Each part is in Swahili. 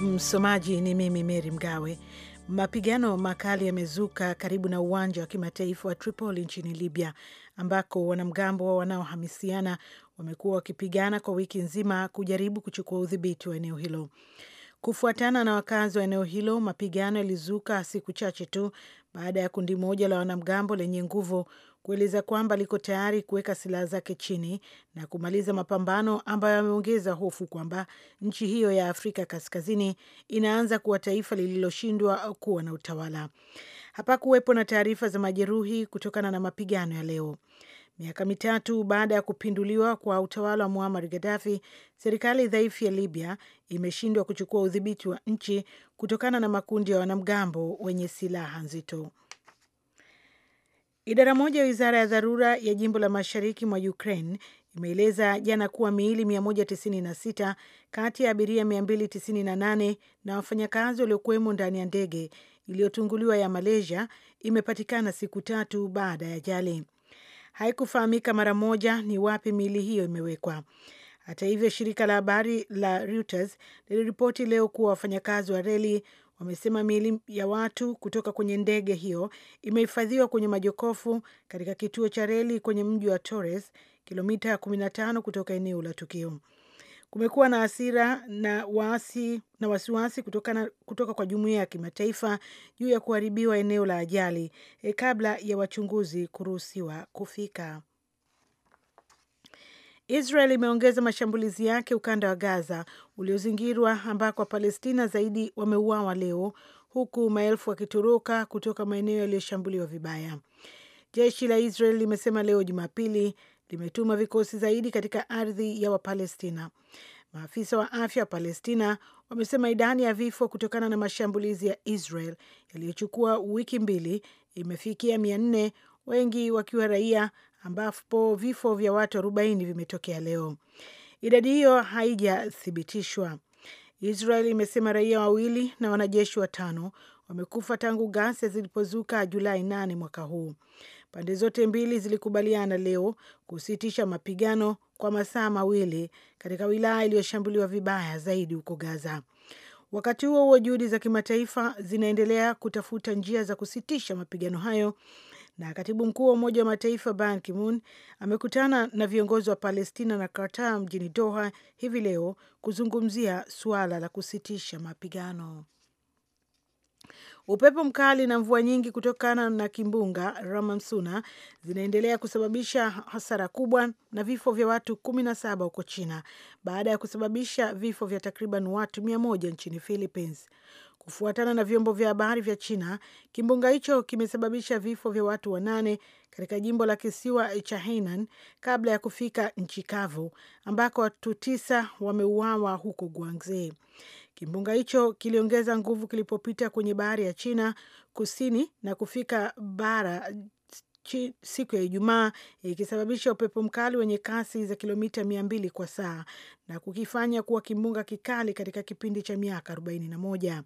Msomaji ni mimi Meri Mgawe. Mapigano makali yamezuka karibu na uwanja wa kimataifa wa Tripoli nchini Libya, ambako wanamgambo wanaohamisiana wamekuwa wakipigana kwa wiki nzima kujaribu kuchukua udhibiti wa eneo hilo. Kufuatana na wakazi wa eneo hilo, mapigano yalizuka siku chache tu baada ya kundi moja la wanamgambo lenye nguvu kueleza kwamba liko tayari kuweka silaha zake chini na kumaliza mapambano ambayo yameongeza hofu kwamba nchi hiyo ya Afrika Kaskazini inaanza kuwa taifa lililoshindwa kuwa na utawala. Hapakuwepo na taarifa za majeruhi kutokana na mapigano ya leo. Miaka mitatu baada ya kupinduliwa kwa utawala wa Muammar Gaddafi, serikali dhaifu ya Libya imeshindwa kuchukua udhibiti wa nchi kutokana na makundi ya wanamgambo wenye silaha nzito. Idara moja ya wizara ya dharura ya jimbo la mashariki mwa Ukraine imeeleza jana kuwa miili 196 kati ya abiria 298 na wafanyakazi waliokuwemo ndani ya ndege iliyotunguliwa ya Malaysia imepatikana siku tatu baada ya ajali. Haikufahamika mara moja ni wapi miili hiyo imewekwa. Hata hivyo, shirika la habari la Reuters liliripoti leo kuwa wafanyakazi wa reli Wamesema miili ya watu kutoka kwenye ndege hiyo imehifadhiwa kwenye majokofu katika kituo cha reli kwenye mji wa Torres, kilomita 15 kutoka eneo la tukio. Kumekuwa na hasira na waasi na wasiwasi kutoka, na, kutoka kwa jumuiya ya kimataifa juu ya kuharibiwa eneo la ajali e, kabla ya wachunguzi kuruhusiwa kufika. Israel imeongeza mashambulizi yake ukanda wa Gaza uliozingirwa ambako Wapalestina zaidi wameuawa leo, huku maelfu wakitoroka kutoka maeneo yaliyoshambuliwa vibaya. Jeshi la Israel limesema leo Jumapili limetuma vikosi zaidi katika ardhi ya Wapalestina. Maafisa wa afya wa Palestina wamesema idadi ya vifo kutokana na mashambulizi ya Israel yaliyochukua wiki mbili imefikia mia nne, wengi wakiwa raia ambapo vifo vya watu arobaini vimetokea leo. Idadi hiyo haijathibitishwa. Israel imesema raia wawili na wanajeshi watano wamekufa tangu ghasia zilipozuka Julai nane mwaka huu. Pande zote mbili zilikubaliana leo kusitisha mapigano kwa masaa mawili katika wilaya iliyoshambuliwa vibaya zaidi huko Gaza. Wakati huo huo, juhudi za kimataifa zinaendelea kutafuta njia za kusitisha mapigano hayo na katibu mkuu wa Umoja wa Mataifa Ban Ki-moon amekutana na viongozi wa Palestina na Qatar mjini Doha hivi leo kuzungumzia suala la kusitisha mapigano. Upepo mkali na mvua nyingi kutokana na kimbunga Ramamsuna zinaendelea kusababisha hasara kubwa na vifo vya watu kumi na saba huko China baada ya kusababisha vifo vya takriban watu mia moja nchini Philippines. Kufuatana na vyombo vya habari vya China, kimbunga hicho kimesababisha vifo vya watu wanane katika jimbo la kisiwa cha Hainan kabla ya kufika nchi kavu ambako watu tisa wameuawa huko Guangzhou. Kimbunga hicho kiliongeza nguvu kilipopita kwenye bahari ya China kusini na kufika bara siku ya Ijumaa ikisababisha upepo mkali wenye kasi za kilomita mia mbili kwa saa na kukifanya kuwa kimbunga kikali katika kipindi cha miaka moja.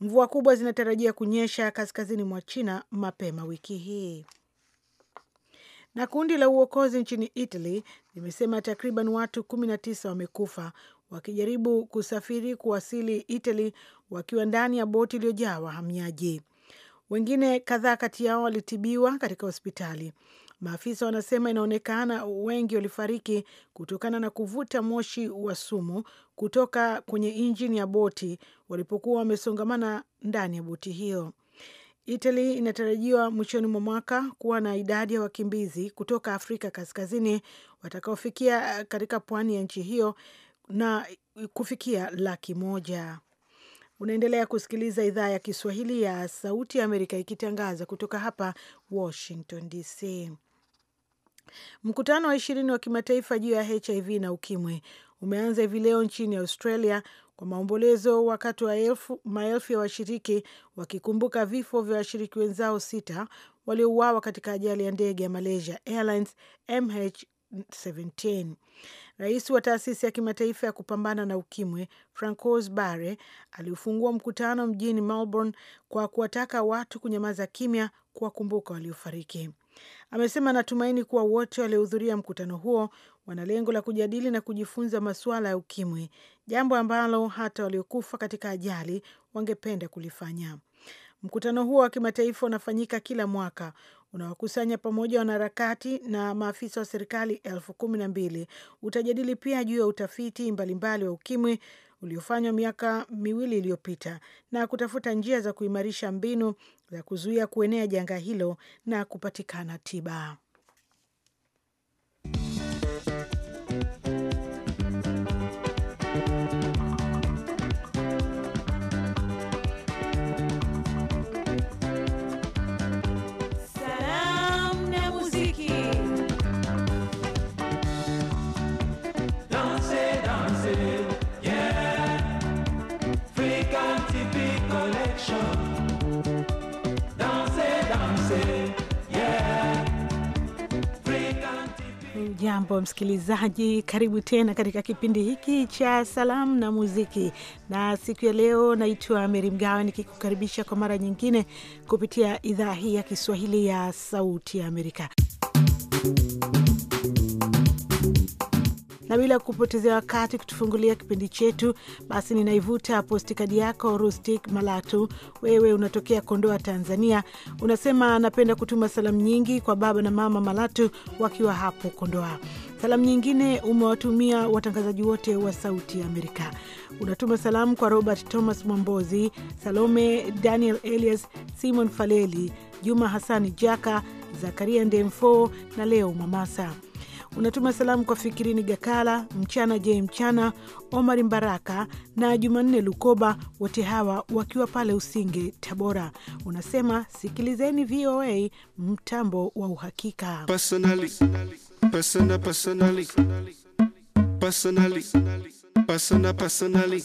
Mvua kubwa zinatarajia kunyesha kaskazini mwa China mapema wiki hii. Na kundi la uokozi nchini Italy limesema takriban watu 19 wamekufa wakijaribu kusafiri kuwasili Italy wakiwa ndani ya boti iliyojaa wahamiaji. Wengine kadhaa kati yao walitibiwa katika hospitali. Maafisa wanasema inaonekana wengi walifariki kutokana na kuvuta moshi wa sumu kutoka kwenye injini ya boti walipokuwa wamesongamana ndani ya boti hiyo. itali inatarajiwa mwishoni mwa mwaka kuwa na idadi ya wakimbizi kutoka Afrika Kaskazini watakaofikia katika pwani ya nchi hiyo na kufikia laki moja. Unaendelea kusikiliza idhaa ya Kiswahili ya Sauti ya Amerika ikitangaza kutoka hapa Washington DC. Mkutano wa ishirini wa kimataifa juu ya HIV na ukimwi umeanza hivi leo nchini Australia kwa maombolezo, wakati wa maelfu ya washiriki wakikumbuka vifo vya washiriki wenzao sita waliouawa katika ajali ya ndege ya Malaysia Airlines MH Rais wa taasisi ya kimataifa ya kupambana na ukimwi Francois Bare aliufungua mkutano mjini Melbourne kwa kuwataka watu kunyamaza kimya kuwakumbuka waliofariki. Amesema anatumaini kuwa wote waliohudhuria mkutano huo wana lengo la kujadili na kujifunza masuala ya ukimwi, jambo ambalo hata waliokufa katika ajali wangependa kulifanya. Mkutano huo wa kimataifa unafanyika kila mwaka unawakusanya pamoja wanaharakati na maafisa wa serikali elfu kumi na mbili. Utajadili pia juu ya utafiti mbalimbali mbali wa ukimwi uliofanywa miaka miwili iliyopita na kutafuta njia za kuimarisha mbinu za kuzuia kuenea janga hilo na kupatikana tiba. Hujambo msikilizaji, karibu tena katika kipindi hiki cha salamu na muziki, na siku ya leo naitwa Meri Mgawe nikikukaribisha kwa mara nyingine kupitia idhaa hii ya Kiswahili ya Sauti ya Amerika. na bila kupotezea wakati kutufungulia kipindi chetu, basi ninaivuta postikadi yako Rustik Malatu. Wewe unatokea Kondoa, Tanzania. Unasema anapenda kutuma salamu nyingi kwa baba na mama Malatu wakiwa hapo Kondoa. Salamu nyingine umewatumia watangazaji wote wa Sauti ya Amerika. Unatuma salamu kwa Robert Thomas Mwambozi, Salome Daniel Elias, Simon Faleli, Juma Hasani Jaka, Zakaria Ndemfo na Leo Mamasa. Unatuma salamu kwa Fikirini Gakala, Mchana J Mchana, Omari Mbaraka na Jumanne Lukoba, wote hawa wakiwa pale Usinge, Tabora. Unasema sikilizeni VOA mtambo wa uhakika. Personally, personal, personally. Personally, personal, personally.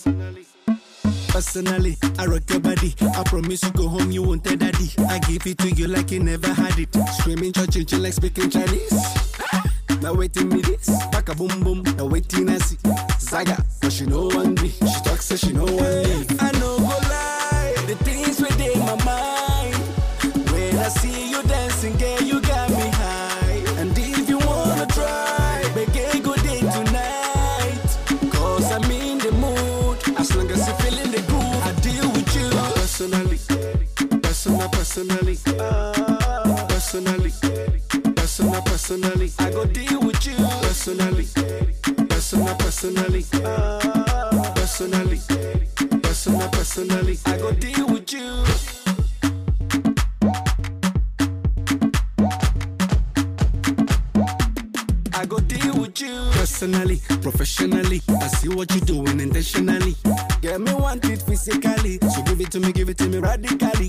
Personally, I rock your body. I promise you go home, you won't tell daddy. I give it to you like you never had it. Screaming, like speaking Chinese. Now waiting me this, back a boom boom. Now waiting I see Zaga, cause she know one be. She talks so she know one be. I know go lie, the things within my mind. When I see you dancing, girl, you got me high. And if you wanna try, make a good day tonight. Cause I'm in the mood, as long as you're feeling the good, I deal with you personally, personal, personally, ah, personally personally. I go deep personally, personal, personally, personally, personal, personally. I go deal with you. I go deal with you personally, professionally. I see what you're doing intentionally. Get me wanted physically, so give it to me, give it to me radically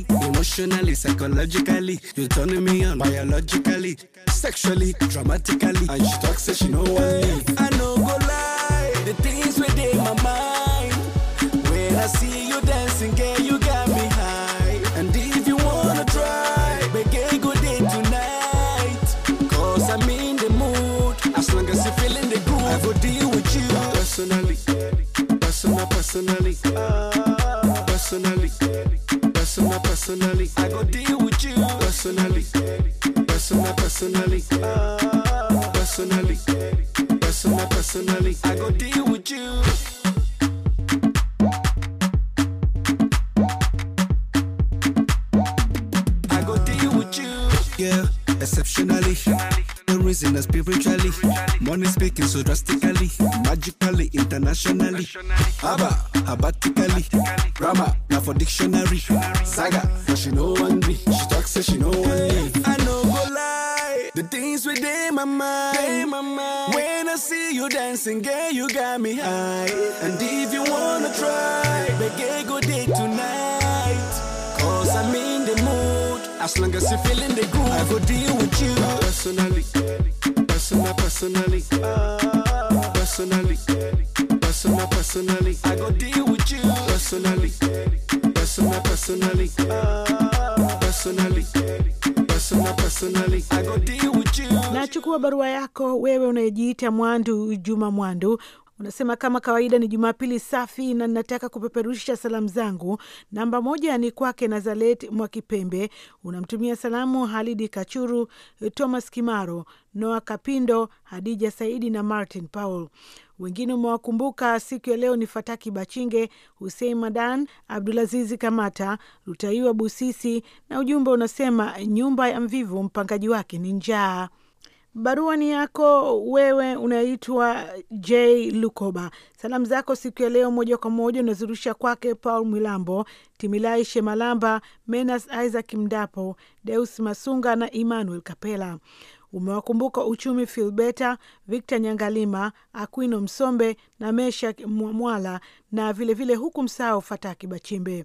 emotionally, psychologically. You turning me on biologically, sexually, dramatically. And she talks say she know what I know go lie. The things within my mind. When I see you dancing, girl, you got me high. And if you wanna try, make a good day tonight. Cause I'm in the mood. As long as you feeling the groove, I will deal with you personally. Personal, personally. Ah, personally personal, personally. I go deal with you personally, personal, personally. personally, personal, personally. I go deal with you. I go deal with you. Yeah, exceptionally reason as spiritually. Money speaking so drastically, magically, internationally. Abba, habatically. Grammar, now for dictionary. Saga, now she know one She talks, say she know one I know go lie. The things within my mind. When I see you dancing, girl, you got me high. And if you wanna try, make go day tonight. Cause I'm in the mood. As long as you feeling the groove, I go deal with you personally. personally, personally, personally, Personal, personally. I go deal with you personally, personally, personally, personally, personally, personally. I go deal with you. Nachukua barua yako wewe unayejiita Mwandu Juma Mwandu Unasema kama kawaida ni Jumapili safi na ninataka kupeperusha salamu zangu. Namba moja ni kwake Nazaret Mwakipembe, unamtumia salamu Halidi Kachuru, Thomas Kimaro, Noa Kapindo, Hadija Saidi na Martin Paul. Wengine umewakumbuka siku ya leo ni Fataki Bachinge, Husein Madan, Abdulazizi Kamata, Rutaiwa Busisi, na ujumbe unasema nyumba ya mvivu mpangaji wake ni njaa. Barua ni yako wewe, unaitwa J Lukoba. Salamu zako siku ya leo moja kwa moja unazirusha kwake Paul Mwilambo, Timilai Shemalamba, Menas Isaac Mdapo, Deus Masunga na Emmanuel Kapela. Umewakumbuka Uchumi Filbeta, Victor Nyangalima, Aquino Msombe na Mesha Mwamwala, na vilevile huku msahau Fataki Bachimbe.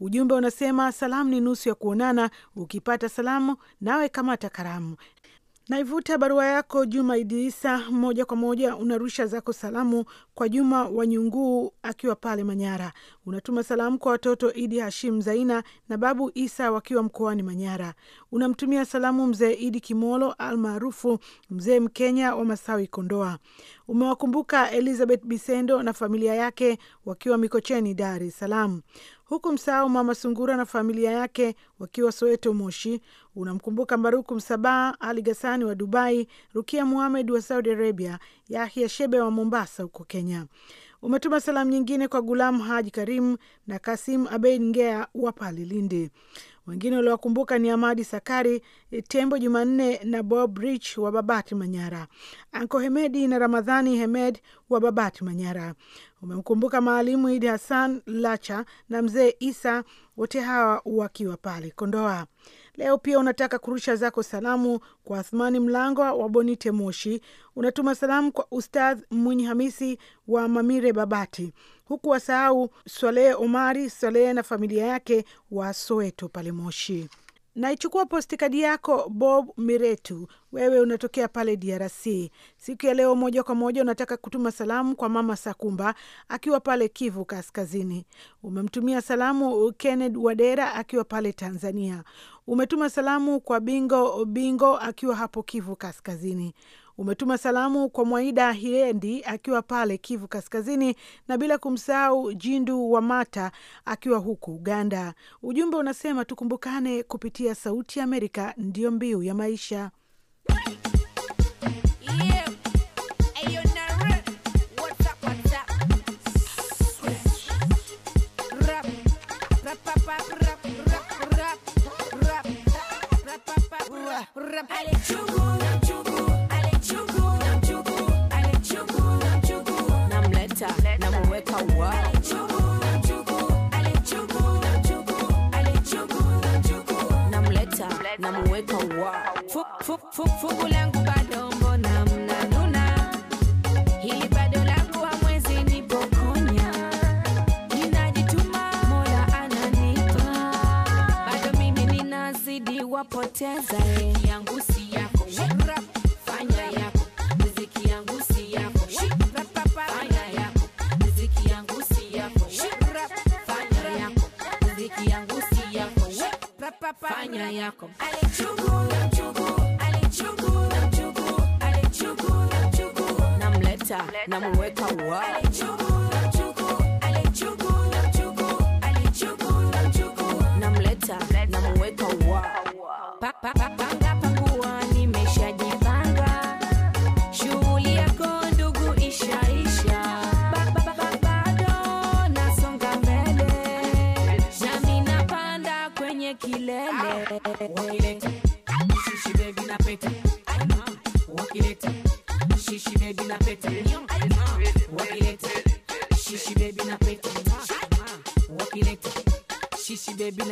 Ujumbe unasema salamu ni nusu ya kuonana, ukipata salamu nawe kamata karamu. Naivuta barua yako Juma Idi Isa, moja kwa moja unarusha zako salamu kwa Juma wa Nyunguu akiwa pale Manyara. Unatuma salamu kwa watoto Idi Hashim Zaina na babu Isa wakiwa mkoani Manyara. Unamtumia salamu mzee Idi Kimolo almaarufu mzee Mkenya wa Masawi, Kondoa. Umewakumbuka Elizabeth Bisendo na familia yake wakiwa Mikocheni, Dar es Salaam huku msahau Mama Sungura na familia yake wakiwa Soweto Moshi. Unamkumbuka maruku msabaa Ali Gasani wa Dubai, Rukia Muhamed wa Saudi Arabia, Yahya Shebe wa Mombasa huko Kenya. Umetuma salamu nyingine kwa Gulam Haji Karim na Kasim Abeid Ngea wa pale Lindi. Wengine waliowakumbuka ni Amadi Sakari Tembo Jumanne na Bob Rich wa Babati Manyara, Anko Hemedi na Ramadhani Hemed wa Babati Manyara. Umemkumbuka Maalimu Idi Hassan Lacha na Mzee Isa, wote hawa wakiwa pale Kondoa. Leo pia unataka kurusha zako salamu kwa Athmani Mlango wa Bonite Moshi. Unatuma salamu kwa Ustadh Mwinyi Hamisi wa Mamire Babati, huku wasahau Swalehe Omari Swalehe na familia yake wa Soweto pale Moshi. Naichukua postikadi yako Bob Miretu, wewe unatokea pale DRC. Siku ya leo moja kwa moja unataka kutuma salamu kwa mama Sakumba akiwa pale Kivu Kaskazini. Umemtumia salamu Kenneth Wadera akiwa pale Tanzania. Umetuma salamu kwa Bingo Bingo akiwa hapo Kivu Kaskazini umetuma salamu kwa Mwaida Hiendi akiwa pale Kivu Kaskazini, na bila kumsahau Jindu wa Mata akiwa huko Uganda. Ujumbe unasema tukumbukane kupitia Sauti ya Amerika, ndiyo mbiu ya maisha. Fuku langu bado mbona mnanuna? Hili bado langu hamwezi nipokonya. Ninajituma Mola ananipa. Bado mimi ninazidi wapoteza Fanya yako. Muziki namweka uwao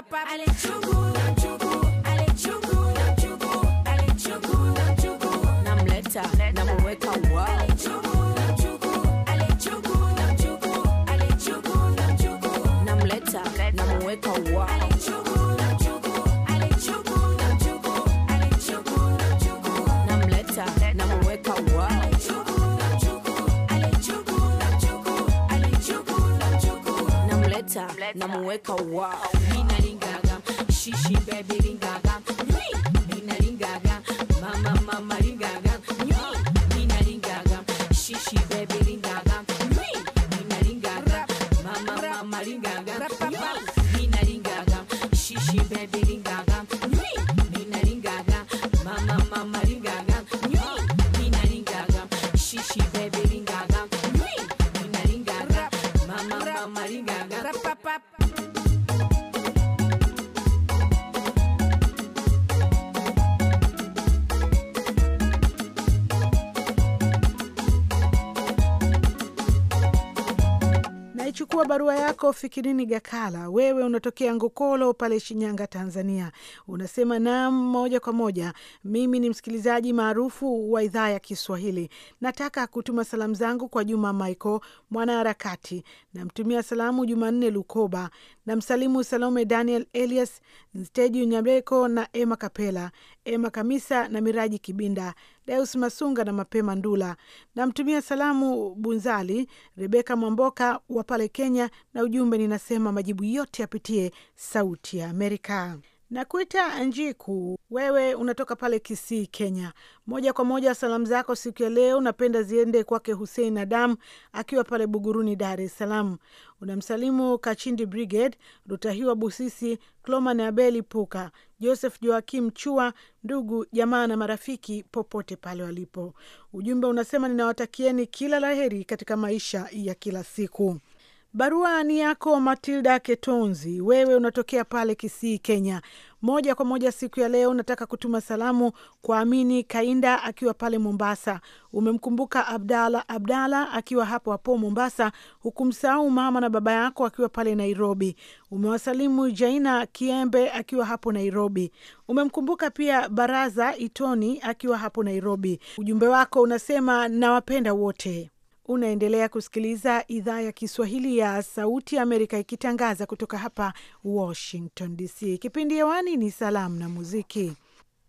papa. Allez, tchougou, nam tchougou. Allez, tchougou, nam tchougou. Allez, tchougou, nam tchougou. Nam leta, nam weka wa. Allez, tchougou, nam tchougou. Allez, tchougou, nam tchougou. Allez, tchougou, nam tchougou. Nam leta, nam wa. Allez, tchougou, nam tchougou. Allez, tchougou, nam tchougou. Allez, tchougou, nam tchougou. Nam leta, nam namuweka wa xixi, bebe, ringaga. Askofu Fikirini Gakala, wewe unatokea Ngokolo pale Shinyanga, Tanzania. Unasema nam moja kwa moja, mimi ni msikilizaji maarufu wa idhaa ya Kiswahili. Nataka kutuma salamu zangu kwa Juma Michael mwanaharakati, namtumia salamu Jumanne Lukoba, namsalimu Salome Daniel Elias, Steji Nyabeko na Emma Kapela Ema Kamisa na Miraji Kibinda, Deus Masunga na Mapema Ndula. Namtumia salamu Bunzali Rebeka Mwamboka wa pale Kenya, na ujumbe ninasema majibu yote yapitie Sauti ya Amerika. Nakuita Njiku, wewe unatoka pale Kisii, Kenya. Moja kwa moja salamu zako siku ya leo napenda ziende kwake Hussein Adam akiwa pale Buguruni, Dar es Salaam. Unamsalimu Kachindi Brigade Rutahiwa Busisi, Cloman Abeli Puka, Joseph Joakim Chua, ndugu jamaa na marafiki popote pale walipo. Ujumbe unasema ninawatakieni kila laheri katika maisha ya kila siku. Barua ni yako Matilda Ketonzi, wewe unatokea pale Kisii, Kenya. Moja kwa moja siku ya leo nataka kutuma salamu kwa Amini Kainda akiwa pale Mombasa. Umemkumbuka Abdala Abdala akiwa hapo hapo Mombasa, hukumsahau mama na baba yako akiwa pale Nairobi. Umewasalimu Jaina Kiembe akiwa hapo Nairobi. Umemkumbuka pia Baraza Itoni akiwa hapo Nairobi. Ujumbe wako unasema nawapenda wote. Unaendelea kusikiliza idhaa ya Kiswahili ya Sauti ya Amerika ikitangaza kutoka hapa Washington DC. Kipindi hewani ni salamu na muziki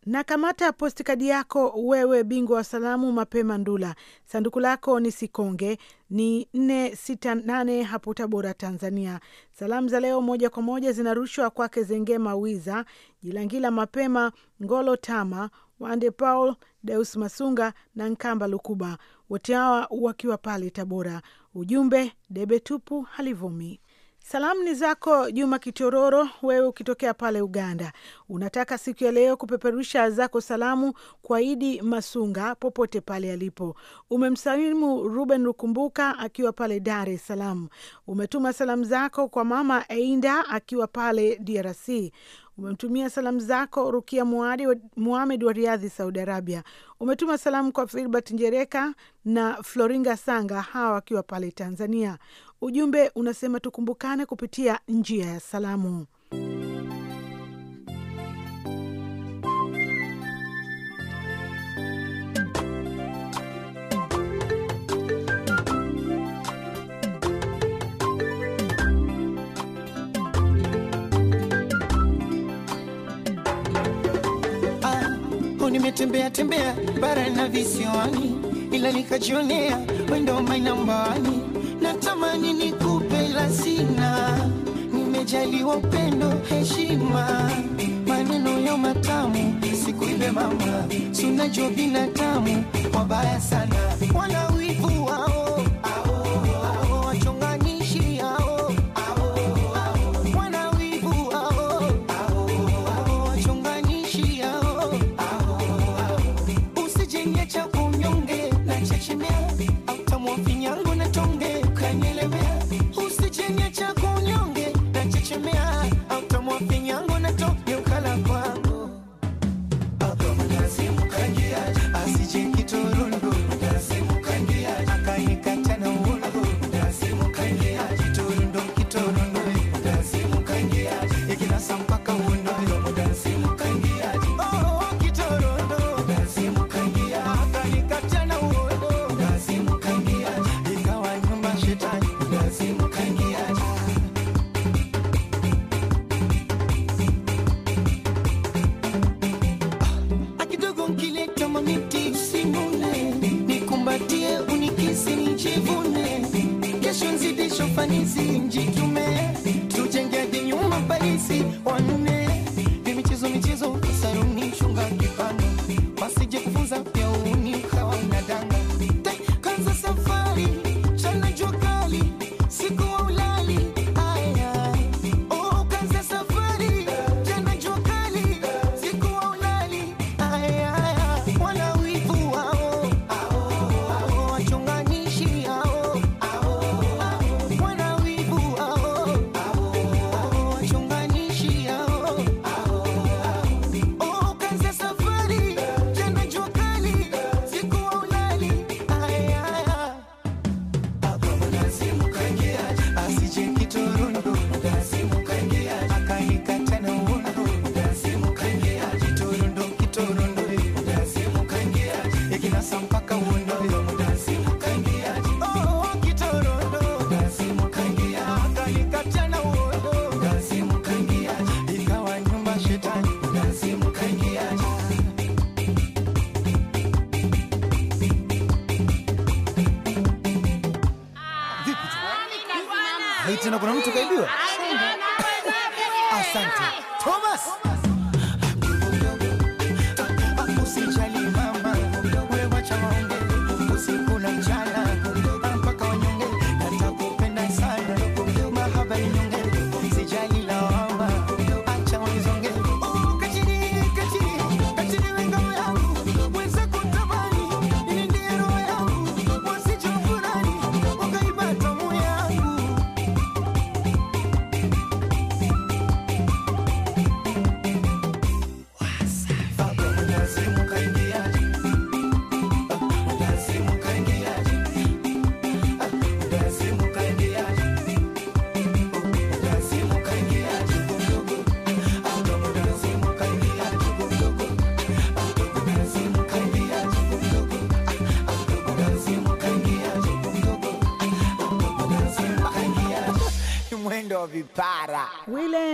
na kamata postikadi yako wewe, bingwa wa salamu Mapema Ndula. Sanduku lako ni Sikonge ni 468 hapo Tabora, Tanzania. Salamu za leo moja kwa moja zinarushwa kwake Zengema Wiza Jilangila Mapema Ngolo Tama Wande Paul, Deus Masunga na Nkamba Lukuba, wote hawa wakiwa pale Tabora. Ujumbe debe tupu halivumi. Salamu ni zako Juma Kitororo, wewe ukitokea pale Uganda. Unataka siku ya leo kupeperusha zako salamu kwa Idi Masunga popote pale alipo. Umemsalimu Ruben Rukumbuka akiwa pale Dar es Salaam. Umetuma salamu zako kwa mama Einda akiwa pale DRC umemtumia salamu zako Rukia Muhamed wa Riadhi, Saudi Arabia. Umetuma salamu kwa Filbert Njereka na Floringa Sanga, hawa wakiwa pale Tanzania. Ujumbe unasema tukumbukane kupitia njia ya salamu. nimetembea tembea bara na visiwani, ila nikajionea wendo mainambani, natamani nikupe la sina, nimejaliwa upendo, heshima, maneno ya matamu, siku ile mama, sunajua binadamu wabaya sana, wana wao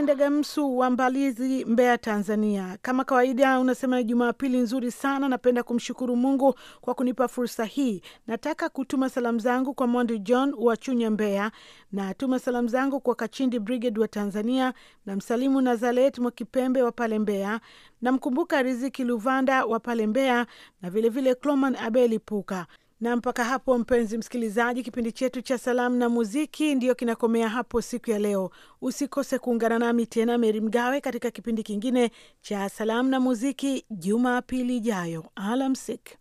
Ndege Msu wa Mbalizi, Mbeya, Tanzania. Kama kawaida, unasema ni Jumapili nzuri sana. Napenda kumshukuru Mungu kwa kunipa fursa hii. Nataka kutuma salamu zangu kwa Mondi John wa Chunya, Mbeya. tuma salamu zangu kwa Kachindi Brigade wa Tanzania na msalimu Nazaret Mwakipembe wa pale Mbeya. Namkumbuka Riziki Luvanda wa pale Mbeya na vilevile vile Cloman Abeli Puka na mpaka hapo, mpenzi msikilizaji, kipindi chetu cha salamu na muziki ndiyo kinakomea hapo siku ya leo. Usikose kuungana nami tena, Meri Mgawe, katika kipindi kingine cha salamu na muziki Jumapili ijayo. Alamsik.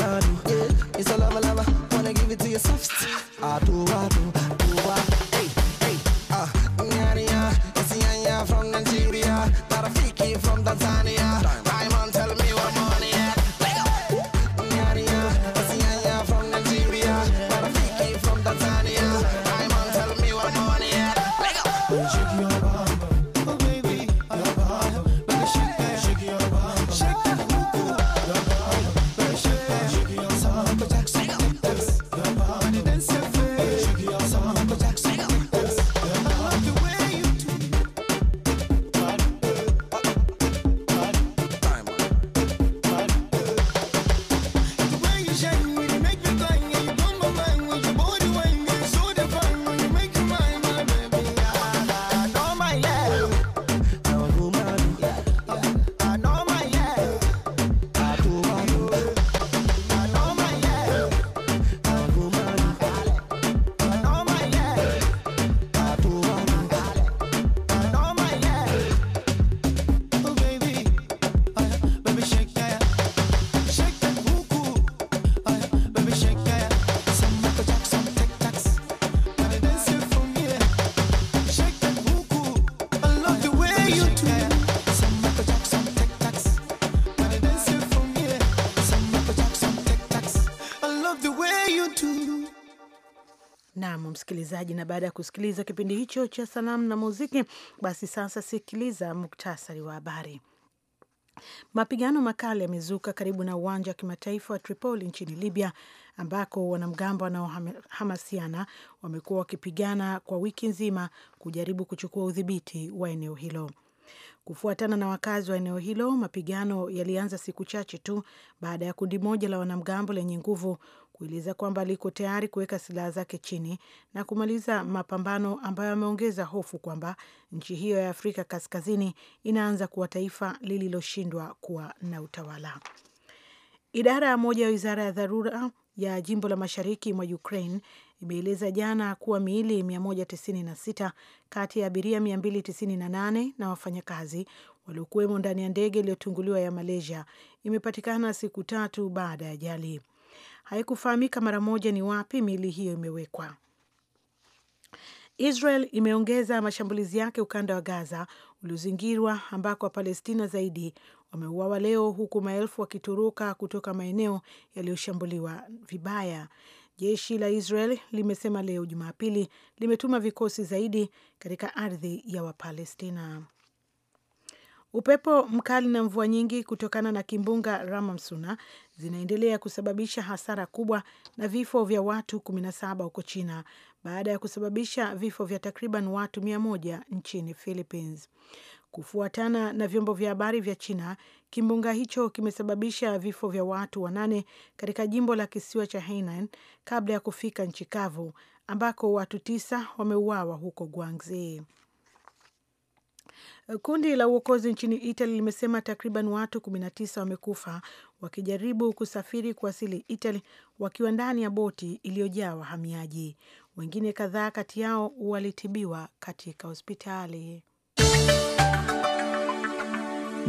can Yeah, oh. it's are so lava lava. Wanna give it to you soft. I ah, do, I ah, do, do I. Ah. Hey, hey, ah, uh, Ngania, it's Nyanya from Nigeria, Tarafiki from Tanzania. msikilizaji, na baada ya kusikiliza kipindi hicho cha salamu na muziki, basi sasa sikiliza muktasari wa habari. Mapigano makali yamezuka karibu na uwanja wa kimataifa wa Tripoli nchini Libya, ambako wanamgambo wanaohamasiana wamekuwa wakipigana kwa wiki nzima kujaribu kuchukua udhibiti wa eneo hilo. Kufuatana na wakazi wa eneo hilo, mapigano yalianza siku chache tu baada ya kundi moja la wanamgambo lenye nguvu kueleza kwamba liko tayari kuweka silaha zake chini na kumaliza mapambano ambayo yameongeza hofu kwamba nchi hiyo ya Afrika Kaskazini inaanza kuwa taifa lililoshindwa kuwa na utawala. Idara ya moja ya wizara ya dharura ya jimbo la mashariki mwa Ukraine imeeleza jana kuwa miili 196 kati ya abiria 298 na wafanyakazi waliokuwemo ndani ya ndege iliyotunguliwa ya Malaysia imepatikana siku tatu baada ya ajali. Haikufahamika mara moja ni wapi miili hiyo imewekwa. Israel imeongeza mashambulizi yake ukanda wa Gaza uliozingirwa ambako Wapalestina zaidi wameuawa leo huku maelfu wakitoroka kutoka maeneo yaliyoshambuliwa vibaya. Jeshi la Israel limesema leo Jumapili limetuma vikosi zaidi katika ardhi ya Wapalestina. Upepo mkali na mvua nyingi kutokana na kimbunga Ramamsuna zinaendelea kusababisha hasara kubwa na vifo vya watu 17 huko China baada ya kusababisha vifo vya takriban watu moja nchini Philippines. Kufuatana na vyombo vya habari vya China, kimbunga hicho kimesababisha vifo vya watu wanane katika jimbo la kisiwa cha Hainan kabla ya kufika nchi kavu ambako watu tisa wameuawa huko Guangzhou. Kundi la uokozi nchini Italy limesema takriban watu 19 wamekufa wakijaribu kusafiri kuwasili Italy wakiwa ndani ya boti iliyojaa wahamiaji. Wengine kadhaa kati yao walitibiwa katika hospitali.